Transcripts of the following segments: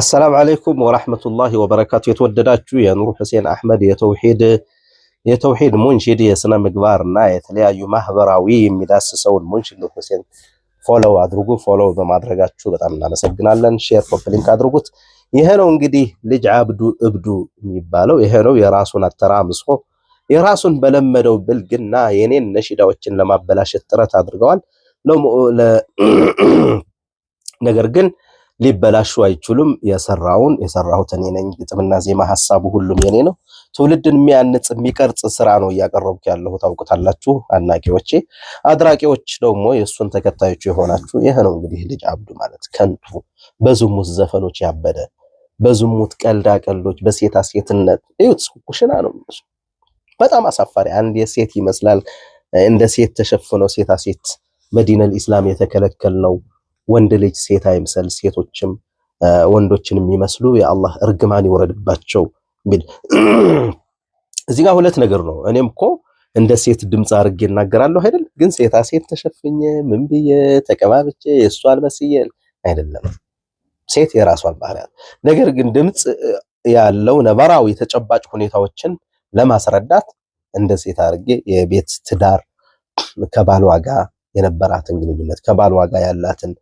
አሰላም አለይኩም ወራህመቱላሂ ወበረካቱ። የተወደዳችሁ የኑር ሁሴን አህመድ የተውሂድ የተውሂድ ሙንሽድ የስነ ምግባር እና የተለያዩ ማህበራዊ የሚዳስሰውን ሙንሽድ ሁሴን ፎሎው አድርጉ። ፎሎው በማድረጋችሁ በጣም እናመሰግናለን። ሼር ኮፕሊንክ አድርጉት። ይሄ ነው እንግዲህ ልጅ አብዱ እብዱ የሚባለው ይሄ ነው። የራሱን አተራምሶ የራሱን በለመደው ብልግና የኔን ነሺዳዎችን ለማበላሸት ጥረት አድርገዋል። ነገር ግን ሊበላሹ አይችሉም። የሰራውን የሰራሁት እኔ ነኝ። ግጥምና ዜማ ሀሳቡ ሁሉም የኔ ነው። ትውልድን የሚያንጽ የሚቀርጽ ስራ ነው እያቀረብኩ ያለሁ። ታውቁታላችሁ አድናቂዎቼ፣ አድራቂዎች ደግሞ የእሱን ተከታዮቹ የሆናችሁ። ይህ ነው እንግዲህ ልጅ አብዱ ማለት ከንቱ፣ በዝሙት ዘፈኖች ያበደ፣ በዝሙት ቀልዳ ቀልዶች፣ በሴታ ሴትነት እዩት። ኩሽና ነው በጣም አሳፋሪ። አንድ የሴት ይመስላል እንደ ሴት ተሸፍነው ሴታ ሴት መዲነል ኢስላም የተከለከል ነው ወንድ ልጅ ሴት አይምሰል፣ ሴቶችም ወንዶችን የሚመስሉ የአላህ እርግማን ይወረድባቸው ሚል እዚህ ጋር ሁለት ነገር ነው። እኔም እኮ እንደ ሴት ድምፅ አድርጌ እናገራለሁ አይደል? ግን ሴታ ሴት ተሸፍኜ ምን ብዬ ተቀባብቼ የእሷ አልመስየል አይደለም። ሴት የራሷን ባህሪያት፣ ነገር ግን ድምፅ ያለው ነባራዊ የተጨባጭ ሁኔታዎችን ለማስረዳት እንደ ሴት አድርጌ የቤት ትዳር ከባሏ ጋር የነበራትን ግንኙነት ከባሏ ጋር ያላትን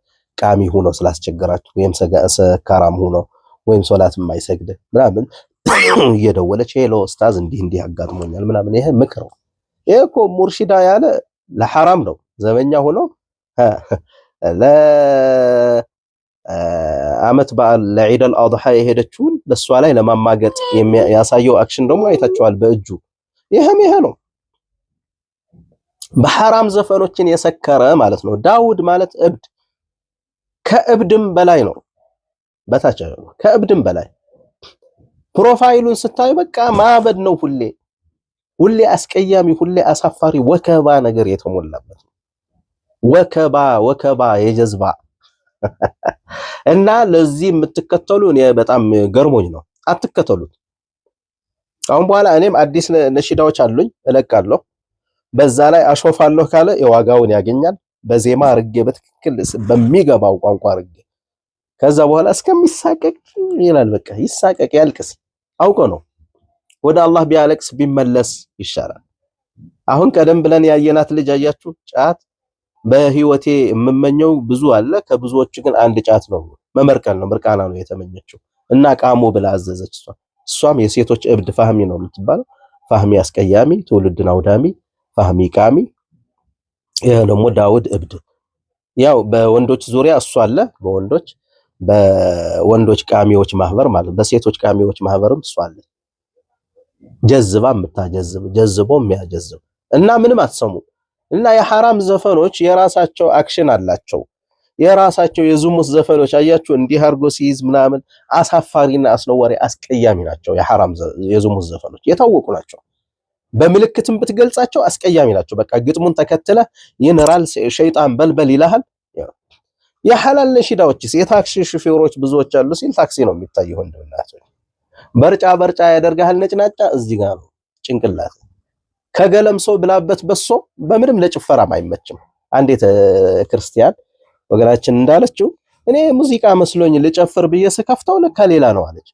ቃሚ ሁነው ስላስቸገራችሁ ወይም ሰካራም ሁነው ወይም ሶላት የማይሰግድ ምናምን እየደወለች ሄሎ ኡስታዝ እንዲህ እንዲህ አጋጥሞኛል ምናምን፣ ይሄ ምክር ነው። ይሄ እኮ ሙርሺዳ ያለ ለሐራም ነው። ዘበኛ ሆኖ ለአመት በዓል ለዒድ አድሓ የሄደችውን በእሷ ላይ ለማማገጥ ያሳየው አክሽን ደግሞ አይታችኋል በእጁ። ይህም ይሄ ነው። በሐራም ዘፈኖችን የሰከረ ማለት ነው። ዳውድ ማለት እብድ ከእብድም በላይ ነው። በታች ከእብድም በላይ ፕሮፋይሉን ስታዩ በቃ ማበድ ነው። ሁሌ ሁሌ አስቀያሚ፣ ሁሌ አሳፋሪ ወከባ ነገር የተሞላበት ወከባ ወከባ የጀዝባ እና ለዚህ የምትከተሉ እኔ በጣም ገርሞኝ ነው። አትከተሉት። አሁን በኋላ እኔም አዲስ ነሽዳዎች አሉኝ እለቃለሁ። በዛ ላይ አሾፋለሁ ካለ የዋጋውን ያገኛል። በዜማ አርጌ በትክክል በሚገባው ቋንቋ አርጌ ከዛ በኋላ እስከሚሳቀቅ ይላል። በቃ ይሳቀቅ፣ ያልቅስ። አውቆ ነው ወደ አላህ ቢያለቅስ ቢመለስ ይሻላል። አሁን ቀደም ብለን ያየናት ልጅ አያችሁ፣ ጫት በህይወቴ የምመኘው ብዙ አለ፣ ከብዙዎች ግን አንድ ጫት ነው መመርከል ነው ምርቃና ነው የተመኘችው እና ቃሙ ብላ አዘዘች። እሷ እሷም የሴቶች እብድ ፋህሚ ነው የምትባለው። ፋህሚ አስቀያሚ፣ ትውልድን አውዳሚ፣ ፋህሚ ቃሚ ይሄ ደግሞ ዳውድ እብድ ያው በወንዶች ዙሪያ እሱ አለ። በወንዶች በወንዶች ቃሚዎች ማህበር ማለት በሴቶች ቃሚዎች ማህበርም እሱ አለ። ጀዝባ የምታጀዝብ ጀዝቦ የሚያጀዝብ እና ምንም አትሰሙ እና የሐራም ዘፈኖች የራሳቸው አክሽን አላቸው። የራሳቸው የዝሙት ዘፈኖች አያችሁ፣ እንዲህ አድርጎ ሲይዝ ምናምን አሳፋሪና አስነዋሪ አስቀያሚ ናቸው። የሐራም የዝሙት ዘፈኖች የታወቁ ናቸው። በምልክትም ብትገልጻቸው አስቀያሚ ናቸው። በቃ ግጥሙን ተከትለ ይንራል ሸይጣን በልበል ይልሃል። የሐላል ነሺዳዎችስ የታክሲ ሹፌሮች ብዙዎች አሉ ሲል ታክሲ ነው የሚታየው። ወንድምና በርጫ በርጫ ያደርግሃል ነጭናጫ እዚህ ጋር ነው ጭንቅላት ከገለም ሰው ብላበት በሶ በምንም ለጭፈራም አይመችም። አንዴት ክርስቲያን ወገናችን እንዳለችው እኔ ሙዚቃ መስሎኝ ልጨፍር ብዬ ስከፍተው ለካ ሌላ ነው አለች።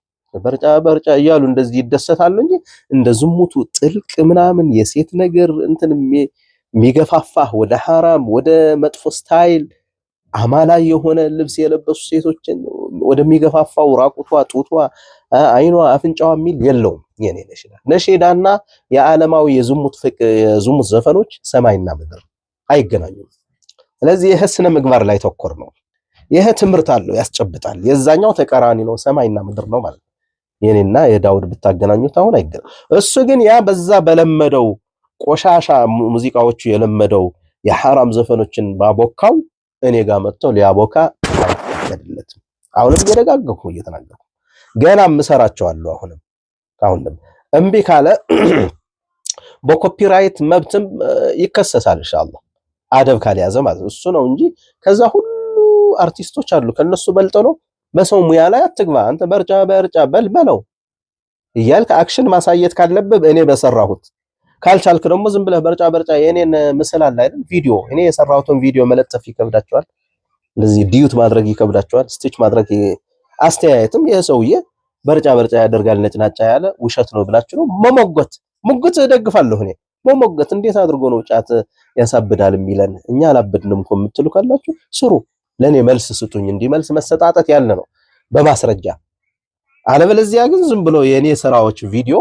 በርጫ በርጫ እያሉ እንደዚህ ይደሰታሉ እንጂ እንደ ዝሙቱ ጥልቅ ምናምን የሴት ነገር እንትን የሚገፋፋ ወደ ሐራም ወደ መጥፎ ስታይል አማላይ የሆነ ልብስ የለበሱ ሴቶችን ወደሚገፋፋው ራቁቷ፣ ጡቷ፣ አይኗ፣ አፍንጫዋ የሚል የለውም። የኔ ነሽዳ ነሽዳና የዓለማዊ የዝሙት ፍቅ የዝሙት ዘፈኖች ሰማይና ምድር አይገናኙም። ስለዚህ ይህ ስነ ምግባር ላይ ተኮር ነው። ይህ ትምህርት አለው ያስጨብጣል። የዛኛው ተቃራኒ ነው፣ ሰማይና ምድር ነው ማለት ነው። የኔና የዳውድ ብታገናኙት አሁን አይገናም። እሱ ግን ያ በዛ በለመደው ቆሻሻ ሙዚቃዎቹ የለመደው የሐራም ዘፈኖችን ባቦካው እኔ ጋር መጥቶ ሊያቦካ አይፈቀድለትም። አሁንም እየደጋገኩ እየተናገርኩ ገና ምሰራቸዋለሁ። አሁንም አሁንም እምቢ ካለ በኮፒራይት መብትም ይከሰሳል ኢንሻአላህ፣ አደብ ካልያዘ ማለት እሱ ነው እንጂ ከዛ ሁሉ አርቲስቶች አሉ ከነሱ በልጦ ነው በሰው ሙያ ላይ አትግባ አንተ በርጫ በርጫ በል በለው እያልክ አክሽን ማሳየት ካለብህ እኔ በሰራሁት ካልቻልክ ደግሞ ዝም ብለህ በርጫ በርጫ የእኔን ምስል አለ አይደል ቪዲዮ እኔ የሰራሁትን ቪዲዮ መለጠፍ ይከብዳቸዋል። እንደዚህ ዲዩት ማድረግ ይከብዳቸዋል። ስቲች ማድረግ አስተያየትም ይህ ሰውዬ በርጫ በርጫ ያደርጋል ነጭናጫ ያለ ውሸት ነው ብላችሁ ነው መሞገት ሙግት እደግፋለሁ እኔ መሞገት እንዴት አድርጎ ነው ጫት ያሳብዳል የሚለን እኛ አላብድንም እኮ የምትሉ ካላችሁ ስሩ ለእኔ መልስ ስጡኝ። እንዲህ መልስ መሰጣጠት ያለ ነው በማስረጃ አለበለዚያ ግን ዝም ብሎ የእኔ ስራዎች ቪዲዮ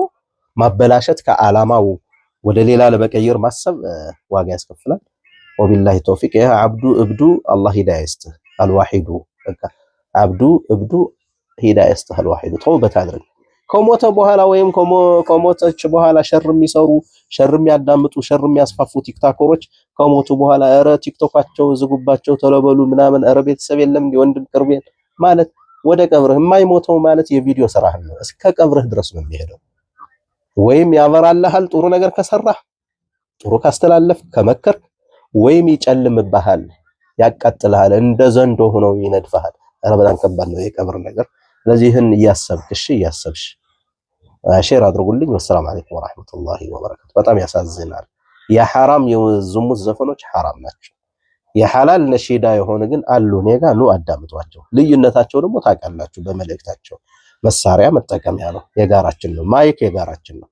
ማበላሸት ከዓላማው ወደ ሌላ ለመቀየር ማሰብ ዋጋ ያስከፍላል። ወቢላሂ ተውፊቅ። ይህ አብዱ እብዱ አላህ ሂዳያ ይስጥህ። አልዋሂዱ አብዱ እብዱ ሂዳያ ይስጥህ። አልዋሂዱ ተውበት አድርግ። ከሞተ በኋላ ወይም ከሞተች በኋላ ሸር የሚሰሩ ሸር የሚያዳምጡ ሸር የሚያስፋፉ ቲክታኮሮች ከሞቱ በኋላ እረ ቲክቶካቸው ዝጉባቸው ተለበሉ ምናምን እረ ቤተሰብ የለም ወንድም ቅርቤን ማለት ወደ ቀብርህ የማይሞተው ማለት የቪዲዮ ስራህ ነው። እስከ ቀብርህ ድረስ ነው የሚሄደው። ወይም ያበራልሃል ጥሩ ነገር ከሰራህ ጥሩ ካስተላለፍ ከመከር ወይም ይጨልምብሃል፣ ያቃጥልሃል፣ እንደ ዘንዶ ሆኖ ይነድፈሃል። ኧረ በጣም ከባድ ነው የቀብር ነገር። ስለዚህ ይህን እያሰብክ እሺ፣ እያሰብሽ ሼር አድርጉልኝ። ወሰላም አለይኩም ወራህመቱላሂ ወበረካቱ። በጣም ያሳዝናል። የሐራም የዝሙት ዘፈኖች ሐራም ናቸው። የሐላል ነሺዳ የሆነ ግን አሉ። እኔ ጋ ኑ አዳምጧቸው። ልዩነታቸው ደግሞ ታውቃላችሁ። በመልእክታቸው መሳሪያ መጠቀሚያ ነው፣ የጋራችን ነው። ማይክ የጋራችን ነው።